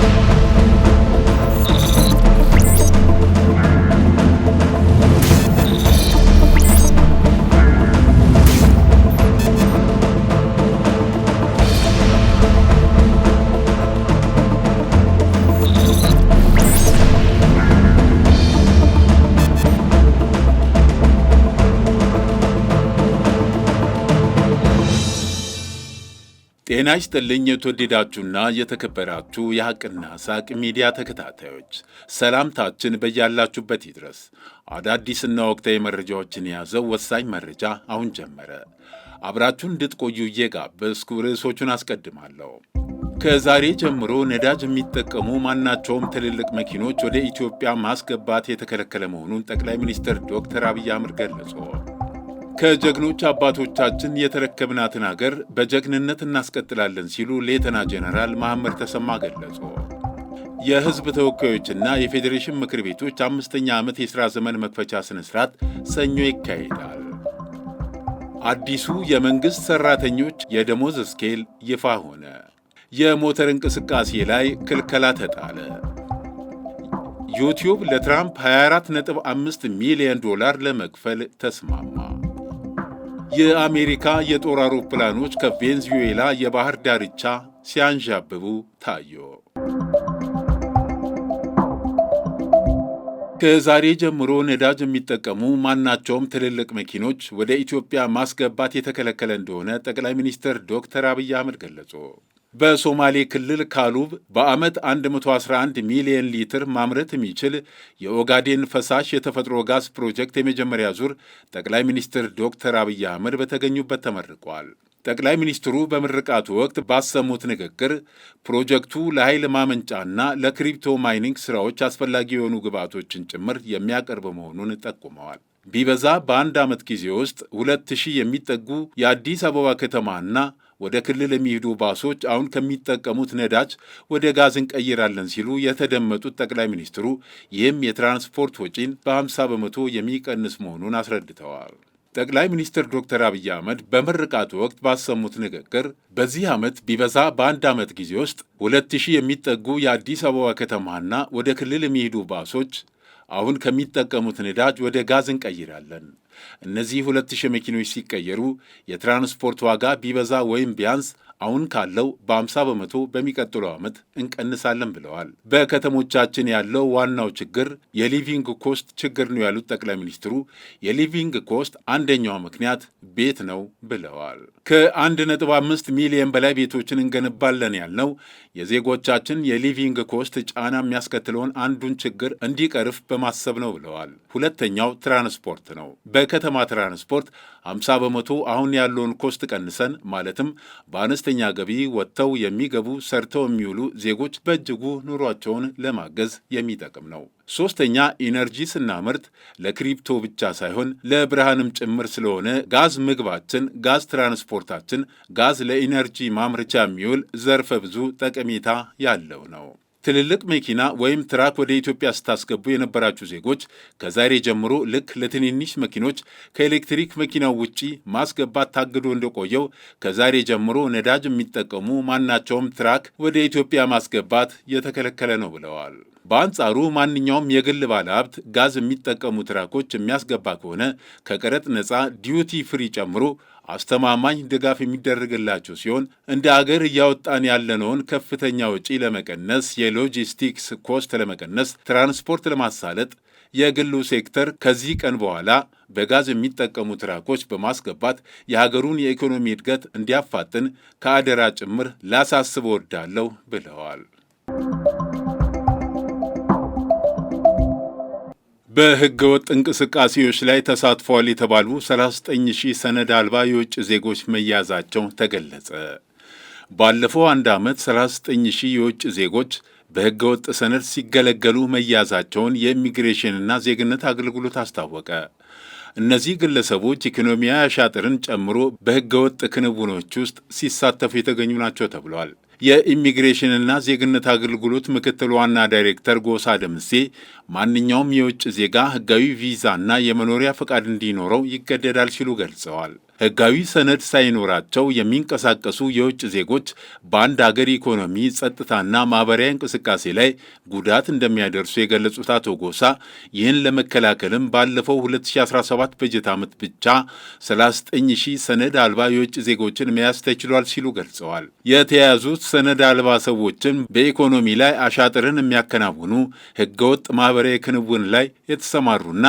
Thank you. ጤና ይስጥልኝ የተወደዳችሁና የተከበራችሁ የሐቅና ሳቅ ሚዲያ ተከታታዮች፣ ሰላምታችን በያላችሁበት ይድረስ። አዳዲስና ወቅታዊ መረጃዎችን የያዘው ወሳኝ መረጃ አሁን ጀመረ። አብራችሁን እንድትቆዩ እየጋበዝኩ ርዕሶቹን አስቀድማለሁ። ከዛሬ ጀምሮ ነዳጅ የሚጠቀሙ ማናቸውም ትልልቅ መኪኖች ወደ ኢትዮጵያ ማስገባት የተከለከለ መሆኑን ጠቅላይ ሚኒስትር ዶክተር አብይ አህመድ ገለጹ። ከጀግኖች አባቶቻችን የተረከብናትን አገር በጀግንነት እናስቀጥላለን ሲሉ ሌተና ጄኔራል መሐመድ ተሰማ ገለጹ። የሕዝብ ተወካዮችና የፌዴሬሽን ምክር ቤቶች አምስተኛ ዓመት የሥራ ዘመን መክፈቻ ሥነ ሥርዓት ሰኞ ይካሄዳል። አዲሱ የመንግሥት ሠራተኞች የደሞዝ ስኬል ይፋ ሆነ። የሞተር እንቅስቃሴ ላይ ክልከላ ተጣለ። ዩቲዩብ ለትራምፕ 24.5 ሚሊዮን ዶላር ለመክፈል ተስማማ። የአሜሪካ የጦር አውሮፕላኖች ከቬንዙዌላ የባህር ዳርቻ ሲያንዣብቡ ታዩ። ከዛሬ ጀምሮ ነዳጅ የሚጠቀሙ ማናቸውም ትልልቅ መኪኖች ወደ ኢትዮጵያ ማስገባት የተከለከለ እንደሆነ ጠቅላይ ሚኒስትር ዶክተር አብይ አህመድ ገለጹ። በሶማሌ ክልል ካሉብ በዓመት 111 ሚሊየን ሊትር ማምረት የሚችል የኦጋዴን ፈሳሽ የተፈጥሮ ጋዝ ፕሮጀክት የመጀመሪያ ዙር ጠቅላይ ሚኒስትር ዶክተር አብይ አህመድ በተገኙበት ተመርቋል። ጠቅላይ ሚኒስትሩ በምርቃቱ ወቅት ባሰሙት ንግግር ፕሮጀክቱ ለኃይል ማመንጫና ለክሪፕቶ ማይኒንግ ስራዎች አስፈላጊ የሆኑ ግብዓቶችን ጭምር የሚያቀርብ መሆኑን ጠቁመዋል። ቢበዛ በአንድ ዓመት ጊዜ ውስጥ ሁለት ሺህ የሚጠጉ የአዲስ አበባ ከተማና ወደ ክልል የሚሄዱ ባሶች አሁን ከሚጠቀሙት ነዳጅ ወደ ጋዝ እንቀይራለን ሲሉ የተደመጡት ጠቅላይ ሚኒስትሩ ይህም የትራንስፖርት ወጪን በ50 በመቶ የሚቀንስ መሆኑን አስረድተዋል። ጠቅላይ ሚኒስትር ዶክተር አብይ አህመድ በምርቃቱ ወቅት ባሰሙት ንግግር በዚህ ዓመት ቢበዛ በአንድ ዓመት ጊዜ ውስጥ ሁለት ሺህ የሚጠጉ የአዲስ አበባ ከተማና ወደ ክልል የሚሄዱ ባሶች አሁን ከሚጠቀሙት ነዳጅ ወደ ጋዝ እንቀይራለን እነዚህ ሁለት ሺህ መኪኖች ሲቀየሩ የትራንስፖርት ዋጋ ቢበዛ ወይም ቢያንስ አሁን ካለው በ50 በመቶ በሚቀጥለው ዓመት እንቀንሳለን ብለዋል። በከተሞቻችን ያለው ዋናው ችግር የሊቪንግ ኮስት ችግር ነው ያሉት ጠቅላይ ሚኒስትሩ የሊቪንግ ኮስት አንደኛው ምክንያት ቤት ነው ብለዋል። ከ1.5 ሚሊዮን በላይ ቤቶችን እንገነባለን ያልነው የዜጎቻችን የሊቪንግ ኮስት ጫና የሚያስከትለውን አንዱን ችግር እንዲቀርፍ በማሰብ ነው ብለዋል። ሁለተኛው ትራንስፖርት ነው። የከተማ ትራንስፖርት 50 በመቶ አሁን ያለውን ኮስት ቀንሰን ማለትም በአነስተኛ ገቢ ወጥተው የሚገቡ ሰርተው የሚውሉ ዜጎች በእጅጉ ኑሯቸውን ለማገዝ የሚጠቅም ነው። ሶስተኛ ኢነርጂ ስናመርት ለክሪፕቶ ብቻ ሳይሆን ለብርሃንም ጭምር ስለሆነ ጋዝ ምግባችን፣ ጋዝ ትራንስፖርታችን፣ ጋዝ ለኢነርጂ ማምረቻ የሚውል ዘርፈ ብዙ ጠቀሜታ ያለው ነው። ትልልቅ መኪና ወይም ትራክ ወደ ኢትዮጵያ ስታስገቡ የነበራችሁ ዜጎች ከዛሬ ጀምሮ ልክ ለትንንሽ መኪኖች ከኤሌክትሪክ መኪናው ውጪ ማስገባት ታግዶ እንደቆየው ከዛሬ ጀምሮ ነዳጅ የሚጠቀሙ ማናቸውም ትራክ ወደ ኢትዮጵያ ማስገባት የተከለከለ ነው ብለዋል። በአንጻሩ ማንኛውም የግል ባለሀብት ጋዝ የሚጠቀሙ ትራኮች የሚያስገባ ከሆነ ከቀረጥ ነፃ ዲዩቲ ፍሪ ጨምሮ አስተማማኝ ድጋፍ የሚደረግላቸው ሲሆን እንደ አገር እያወጣን ያለነውን ከፍተኛ ወጪ ለመቀነስ፣ የሎጂስቲክስ ኮስት ለመቀነስ፣ ትራንስፖርት ለማሳለጥ የግሉ ሴክተር ከዚህ ቀን በኋላ በጋዝ የሚጠቀሙ ትራኮች በማስገባት የሀገሩን የኢኮኖሚ እድገት እንዲያፋጥን ከአደራ ጭምር ላሳስብ እወዳለሁ ብለዋል። በህገወጥ እንቅስቃሴዎች ላይ ተሳትፏል የተባሉ 39 ሺህ ሰነድ አልባ የውጭ ዜጎች መያዛቸው ተገለጸ። ባለፈው አንድ ዓመት 39 ሺህ የውጭ ዜጎች በህገወጥ ሰነድ ሲገለገሉ መያዛቸውን የኢሚግሬሽንና ዜግነት አገልግሎት አስታወቀ። እነዚህ ግለሰቦች ኢኮኖሚያዊ አሻጥርን ጨምሮ በህገወጥ ክንውኖች ውስጥ ሲሳተፉ የተገኙ ናቸው ተብሏል። የኢሚግሬሽንና ዜግነት አገልግሎት ምክትል ዋና ዳይሬክተር ጎሳ ደምሴ ማንኛውም የውጭ ዜጋ ህጋዊ ቪዛና የመኖሪያ ፈቃድ እንዲኖረው ይገደዳል ሲሉ ገልጸዋል። ህጋዊ ሰነድ ሳይኖራቸው የሚንቀሳቀሱ የውጭ ዜጎች በአንድ አገር ኢኮኖሚ፣ ጸጥታና ማኅበራዊ እንቅስቃሴ ላይ ጉዳት እንደሚያደርሱ የገለጹት አቶ ጎሳ ይህን ለመከላከልም ባለፈው 2017 በጀት ዓመት ብቻ 39 ሺህ ሰነድ አልባ የውጭ ዜጎችን መያዝ ተችሏል ሲሉ ገልጸዋል። የተያዙት ሰነድ አልባ ሰዎችን በኢኮኖሚ ላይ አሻጥርን የሚያከናውኑ ህገወጥ ማኅበራዊ ክንውን ላይ የተሰማሩና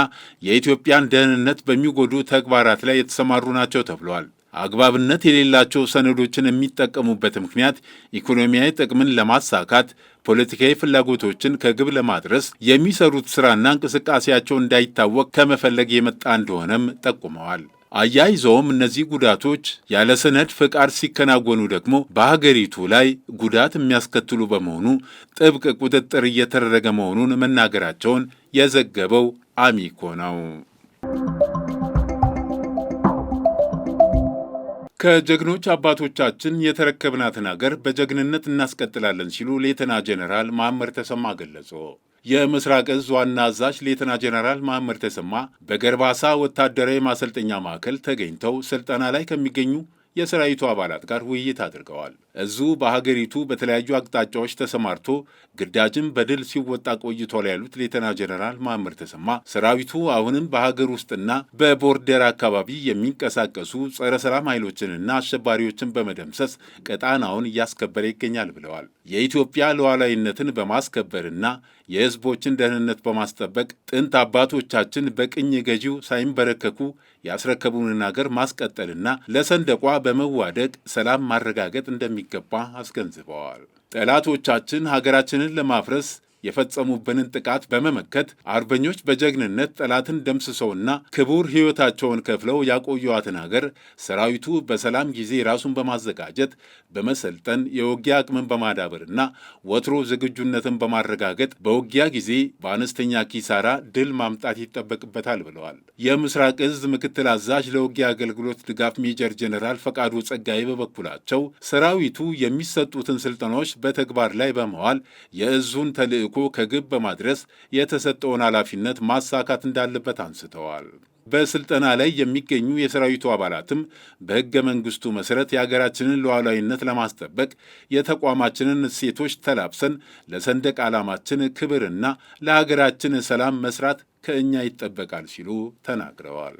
የኢትዮጵያን ደህንነት በሚጎዱ ተግባራት ላይ የተሰማሩ ናቸው ናቸው ተብሏል። አግባብነት የሌላቸው ሰነዶችን የሚጠቀሙበት ምክንያት ኢኮኖሚያዊ ጥቅምን ለማሳካት ፖለቲካዊ ፍላጎቶችን ከግብ ለማድረስ የሚሰሩት ስራና እንቅስቃሴያቸው እንዳይታወቅ ከመፈለግ የመጣ እንደሆነም ጠቁመዋል። አያይዘውም እነዚህ ጉዳቶች ያለ ሰነድ ፍቃድ ሲከናወኑ ደግሞ በሀገሪቱ ላይ ጉዳት የሚያስከትሉ በመሆኑ ጥብቅ ቁጥጥር እየተደረገ መሆኑን መናገራቸውን የዘገበው አሚኮ ነው። ከጀግኖች አባቶቻችን የተረከብናትን አገር በጀግንነት እናስቀጥላለን ሲሉ ሌተና ጀኔራል ማመር ተሰማ ገለጹ። የምስራቅ እዝ ዋና አዛዥ ሌተና ጄኔራል ማመር ተሰማ በገርባሳ ወታደራዊ ማሰልጠኛ ማዕከል ተገኝተው ስልጠና ላይ ከሚገኙ የሰራዊቱ አባላት ጋር ውይይት አድርገዋል። እዙ በሀገሪቱ በተለያዩ አቅጣጫዎች ተሰማርቶ ግዳጅን በድል ሲወጣ ቆይቷል ያሉት ሌተና ጀነራል ማምር ተሰማ ሰራዊቱ አሁንም በሀገር ውስጥና በቦርደር አካባቢ የሚንቀሳቀሱ ጸረ ሰላም ኃይሎችንና አሸባሪዎችን በመደምሰስ ቀጣናውን እያስከበረ ይገኛል ብለዋል። የኢትዮጵያ ሉዓላዊነትን በማስከበርና የህዝቦችን ደህንነት በማስጠበቅ ጥንት አባቶቻችን በቅኝ ገዢው ሳይንበረከኩ ያስረከቡንን አገር ማስቀጠልና ለሰንደቋ በመዋደቅ ሰላም ማረጋገጥ እንደሚገባ አስገንዝበዋል። ጠላቶቻችን ሀገራችንን ለማፍረስ የፈጸሙብንን ጥቃት በመመከት አርበኞች በጀግንነት ጠላትን ደምስሰውና ክቡር ሕይወታቸውን ከፍለው ያቆየዋትን ሀገር ሰራዊቱ በሰላም ጊዜ ራሱን በማዘጋጀት በመሰልጠን የውጊያ አቅምን በማዳበርና ወትሮ ዝግጁነትን በማረጋገጥ በውጊያ ጊዜ በአነስተኛ ኪሳራ ድል ማምጣት ይጠበቅበታል ብለዋል። የምስራቅ እዝ ምክትል አዛዥ ለውጊያ አገልግሎት ድጋፍ ሜጀር ጀኔራል ፈቃዱ ጸጋዬ በበኩላቸው ሰራዊቱ የሚሰጡትን ስልጠናዎች በተግባር ላይ በመዋል የእዙን ተልእ ተልዕኮ ከግብ በማድረስ የተሰጠውን ኃላፊነት ማሳካት እንዳለበት አንስተዋል። በስልጠና ላይ የሚገኙ የሰራዊቱ አባላትም በሕገ መንግሥቱ መሠረት የሀገራችንን ሉዓላዊነት ለማስጠበቅ የተቋማችንን እሴቶች ተላብሰን ለሰንደቅ ዓላማችን ክብርና ለሀገራችን ሰላም መስራት ከእኛ ይጠበቃል ሲሉ ተናግረዋል።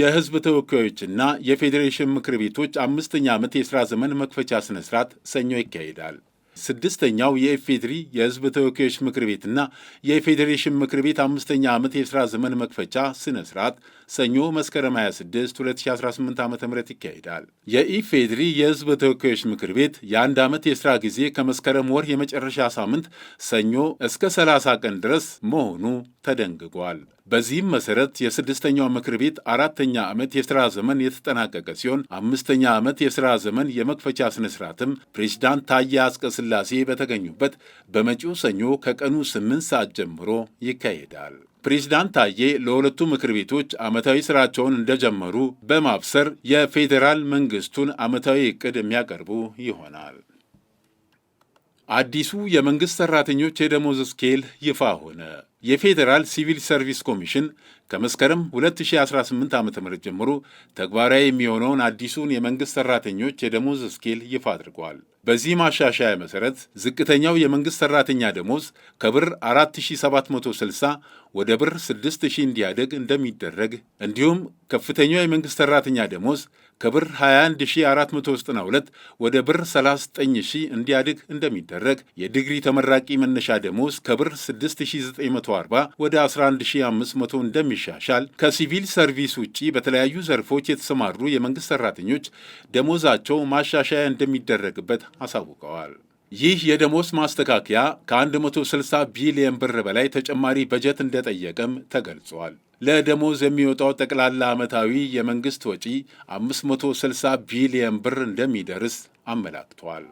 የህዝብ ተወካዮችና የፌዴሬሽን ምክር ቤቶች አምስተኛ ዓመት የሥራ ዘመን መክፈቻ ሥነ ሥርዓት ሰኞ ይካሄዳል። ስድስተኛው የኢፌድሪ የህዝብ ተወካዮች ምክር ቤትና የፌዴሬሽን ምክር ቤት አምስተኛ ዓመት የሥራ ዘመን መክፈቻ ስነስርዓት ሰኞ መስከረም 26 2018 ዓ ም ይካሄዳል። የኢፌድሪ የህዝብ ተወካዮች ምክር ቤት የአንድ ዓመት የሥራ ጊዜ ከመስከረም ወር የመጨረሻ ሳምንት ሰኞ እስከ 30 ቀን ድረስ መሆኑ ተደንግጓል። በዚህም መሰረት የስድስተኛው ምክር ቤት አራተኛ ዓመት የሥራ ዘመን የተጠናቀቀ ሲሆን አምስተኛ ዓመት የሥራ ዘመን የመክፈቻ ሥነ ሥርዓትም ፕሬዚዳንት ታዬ ስላሴ በተገኙበት በመጪው ሰኞ ከቀኑ 8 ሰዓት ጀምሮ ይካሄዳል። ፕሬዚዳንት ታዬ ለሁለቱ ምክር ቤቶች ዓመታዊ ስራቸውን እንደጀመሩ በማብሰር የፌዴራል መንግስቱን ዓመታዊ ዕቅድ የሚያቀርቡ ይሆናል። አዲሱ የመንግሥት ሠራተኞች የደሞዝ ስኬል ይፋ ሆነ። የፌዴራል ሲቪል ሰርቪስ ኮሚሽን ከመስከረም 2018 ዓ ም ጀምሮ ተግባራዊ የሚሆነውን አዲሱን የመንግሥት ሠራተኞች የደሞዝ ስኬል ይፋ አድርገዋል። በዚህ ማሻሻያ መሠረት ዝቅተኛው የመንግሥት ሠራተኛ ደሞዝ ከብር 4760 ወደ ብር 6000 እንዲያደግ እንደሚደረግ እንዲሁም ከፍተኛው የመንግሥት ሠራተኛ ደሞዝ ከብር 21492 ወደ ብር 39000 እንዲያድግ እንደሚደረግ፣ የዲግሪ ተመራቂ መነሻ ደሞዝ ከብር 6940 ወደ 11500 እንደሚሻሻል፣ ከሲቪል ሰርቪስ ውጪ በተለያዩ ዘርፎች የተሰማሩ የመንግሥት ሠራተኞች ደሞዛቸው ማሻሻያ እንደሚደረግበት አሳውቀዋል። ይህ የደሞዝ ማስተካከያ ከ160 ቢሊየን ብር በላይ ተጨማሪ በጀት እንደጠየቀም ተገልጿል። ለደሞዝ የሚወጣው ጠቅላላ ዓመታዊ የመንግሥት ወጪ 560 ቢሊየን ብር እንደሚደርስ አመላክቷል።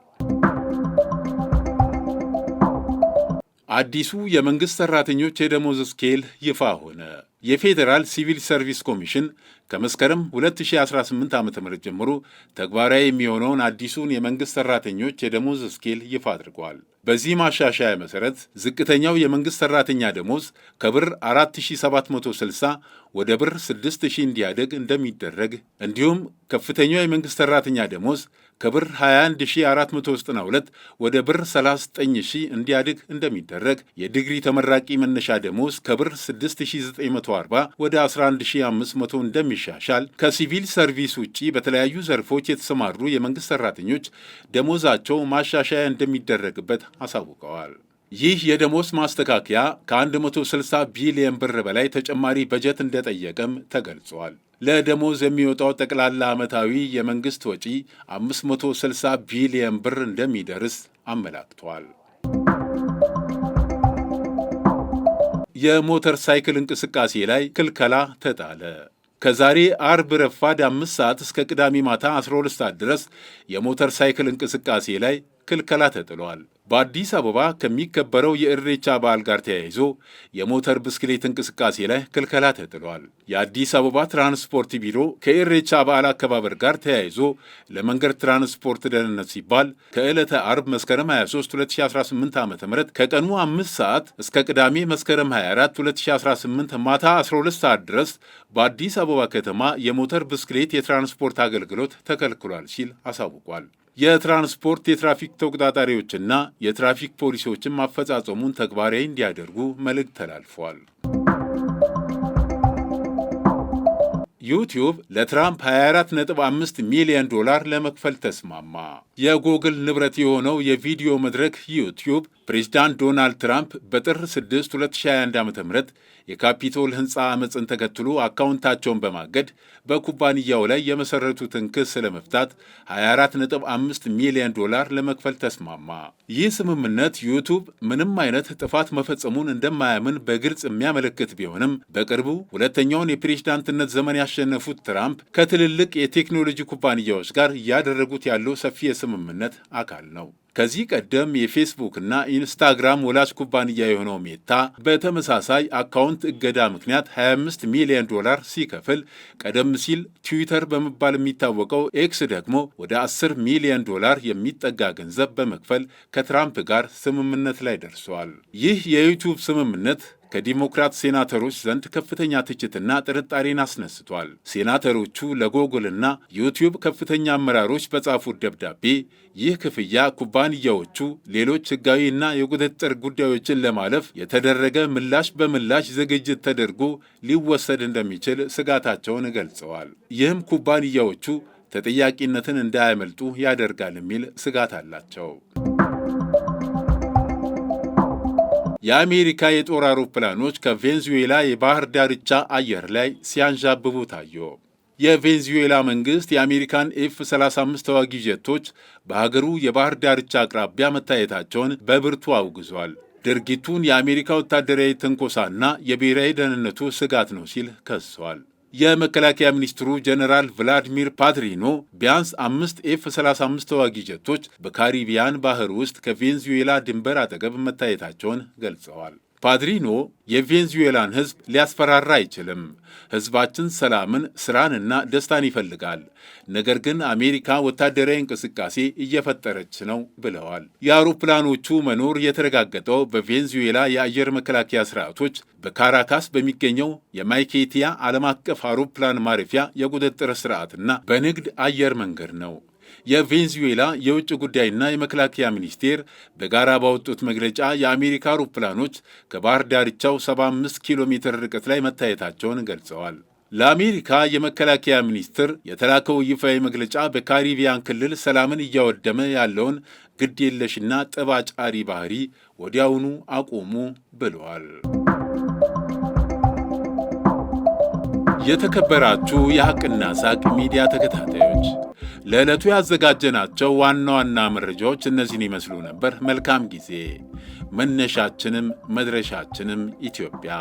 አዲሱ የመንግሥት ሠራተኞች የደሞዝ ስኬል ይፋ ሆነ። የፌዴራል ሲቪል ሰርቪስ ኮሚሽን ከመስከረም 2018 ዓ ም ጀምሮ ተግባራዊ የሚሆነውን አዲሱን የመንግሥት ሠራተኞች የደሞዝ ስኬል ይፋ አድርገዋል። በዚህ ማሻሻያ መሰረት ዝቅተኛው የመንግሥት ሠራተኛ ደሞዝ ከብር 4760 ወደ ብር 6000 እንዲያደግ እንደሚደረግ እንዲሁም ከፍተኛው የመንግሥት ሠራተኛ ደሞዝ ከብር 21492 ወደ ብር 39000 እንዲያድግ እንደሚደረግ፣ የዲግሪ ተመራቂ መነሻ ደሞዝ ከብር 6940 ወደ 11500 እንደሚሻሻል፣ ከሲቪል ሰርቪስ ውጪ በተለያዩ ዘርፎች የተሰማሩ የመንግሥት ሠራተኞች ደሞዛቸው ማሻሻያ እንደሚደረግበት አሳውቀዋል። ይህ የደሞዝ ማስተካከያ ከ160 ቢሊየን ብር በላይ ተጨማሪ በጀት እንደጠየቀም ተገልጿል። ለደሞዝ የሚወጣው ጠቅላላ ዓመታዊ የመንግሥት ወጪ 560 ቢሊየን ብር እንደሚደርስ አመላክቷል። የሞተር ሳይክል እንቅስቃሴ ላይ ክልከላ ተጣለ። ከዛሬ አርብ ረፋድ አምስት ሰዓት እስከ ቅዳሜ ማታ 12 ሰዓት ድረስ የሞተር ሳይክል እንቅስቃሴ ላይ ክልከላ ተጥሏል። በአዲስ አበባ ከሚከበረው የእሬቻ በዓል ጋር ተያይዞ የሞተር ብስክሌት እንቅስቃሴ ላይ ክልከላ ተጥሏል። የአዲስ አበባ ትራንስፖርት ቢሮ ከእሬቻ በዓል አከባበር ጋር ተያይዞ ለመንገድ ትራንስፖርት ደህንነት ሲባል ከዕለተ አርብ መስከረም 23 2018 ዓ ም ከቀኑ 5 ሰዓት እስከ ቅዳሜ መስከረም 24 2018 ማታ 12 ሰዓት ድረስ በአዲስ አበባ ከተማ የሞተር ብስክሌት የትራንስፖርት አገልግሎት ተከልክሏል ሲል አሳውቋል። የትራንስፖርት የትራፊክ ተቆጣጣሪዎችና የትራፊክ ፖሊሲዎችን ማፈጻጸሙን ተግባራዊ እንዲያደርጉ መልእክት ተላልፏል። ዩቲዩብ ለትራምፕ 24.5 ሚሊዮን ዶላር ለመክፈል ተስማማ። የጉግል ንብረት የሆነው የቪዲዮ መድረክ ዩቲዩብ ፕሬዚዳንት ዶናልድ ትራምፕ በጥር 6 2021 ዓ ም የካፒቶል ሕንፃ ዓመፅን ተከትሎ አካውንታቸውን በማገድ በኩባንያው ላይ የመሠረቱትን ክስ ለመፍታት 245 ሚሊዮን ዶላር ለመክፈል ተስማማ። ይህ ስምምነት ዩቱብ ምንም አይነት ጥፋት መፈጸሙን እንደማያምን በግልጽ የሚያመለክት ቢሆንም በቅርቡ ሁለተኛውን የፕሬዝዳንትነት ዘመን ያሸነፉት ትራምፕ ከትልልቅ የቴክኖሎጂ ኩባንያዎች ጋር እያደረጉት ያለው ሰፊ የስምምነት አካል ነው። ከዚህ ቀደም የፌስቡክ እና ኢንስታግራም ወላጅ ኩባንያ የሆነው ሜታ በተመሳሳይ አካውንት እገዳ ምክንያት 25 ሚሊዮን ዶላር ሲከፍል ቀደም ሲል ትዊተር በመባል የሚታወቀው ኤክስ ደግሞ ወደ 10 ሚሊዮን ዶላር የሚጠጋ ገንዘብ በመክፈል ከትራምፕ ጋር ስምምነት ላይ ደርሰዋል። ይህ የዩቲዩብ ስምምነት ከዲሞክራት ሴናተሮች ዘንድ ከፍተኛ ትችትና ጥርጣሬን አስነስቷል። ሴናተሮቹ ለጎግልና ዩቲዩብ ከፍተኛ አመራሮች በጻፉት ደብዳቤ ይህ ክፍያ ኩባንያዎቹ ሌሎች እና የቁጥጥር ጉዳዮችን ለማለፍ የተደረገ ምላሽ በምላሽ ዝግጅት ተደርጎ ሊወሰድ እንደሚችል ስጋታቸውን ገልጸዋል። ይህም ኩባንያዎቹ ተጠያቂነትን እንዳያመልጡ ያደርጋል የሚል ስጋት አላቸው። የአሜሪካ የጦር አውሮፕላኖች ከቬንዙዌላ የባህር ዳርቻ አየር ላይ ሲያንዣብቡ ታዩ። የቬንዙዌላ መንግሥት የአሜሪካን ኤፍ 35 ተዋጊ ጀቶች በሀገሩ የባህር ዳርቻ አቅራቢያ መታየታቸውን በብርቱ አውግዟል። ድርጊቱን የአሜሪካ ወታደራዊ ትንኮሳና የብሔራዊ ደህንነቱ ስጋት ነው ሲል ከሷል። የመከላከያ ሚኒስትሩ ጀኔራል ቭላዲሚር ፓትሪኖ ቢያንስ አምስት ኤፍ 35 ተዋጊ ጀቶች በካሪቢያን ባህር ውስጥ ከቬንዙዌላ ድንበር አጠገብ መታየታቸውን ገልጸዋል። ፓድሪኖ የቬንዙዌላን ሕዝብ ሊያስፈራራ አይችልም። ሕዝባችን ሰላምን፣ ሥራንና ደስታን ይፈልጋል። ነገር ግን አሜሪካ ወታደራዊ እንቅስቃሴ እየፈጠረች ነው ብለዋል። የአውሮፕላኖቹ መኖር የተረጋገጠው በቬንዙዌላ የአየር መከላከያ ስርዓቶች በካራካስ በሚገኘው የማይኬቲያ ዓለም አቀፍ አውሮፕላን ማረፊያ የቁጥጥር ስርዓትና በንግድ አየር መንገድ ነው። የቬንዙዌላ የውጭ ጉዳይና የመከላከያ ሚኒስቴር በጋራ ባወጡት መግለጫ የአሜሪካ አውሮፕላኖች ከባህር ዳርቻው 75 ኪሎ ሜትር ርቀት ላይ መታየታቸውን ገልጸዋል። ለአሜሪካ የመከላከያ ሚኒስትር የተላከው ይፋዊ መግለጫ በካሪቢያን ክልል ሰላምን እያወደመ ያለውን ግድ የለሽና ጠብ አጫሪ ባህሪ ወዲያውኑ አቆሙ ብለዋል። የተከበራችሁ የሐቅና ሳቅ ሚዲያ ተከታታዮች ለዕለቱ ያዘጋጀናቸው ዋና ዋና መረጃዎች እነዚህን ይመስሉ ነበር። መልካም ጊዜ። መነሻችንም መድረሻችንም ኢትዮጵያ